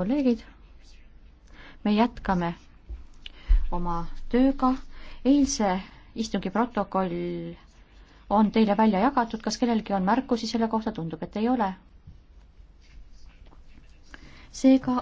kolleegid, me jätkame oma tööga. eilse istungi protokoll on teile välja jagatud, kas kellelgi on märkusi selle kohta, tundub, et ei ole. seega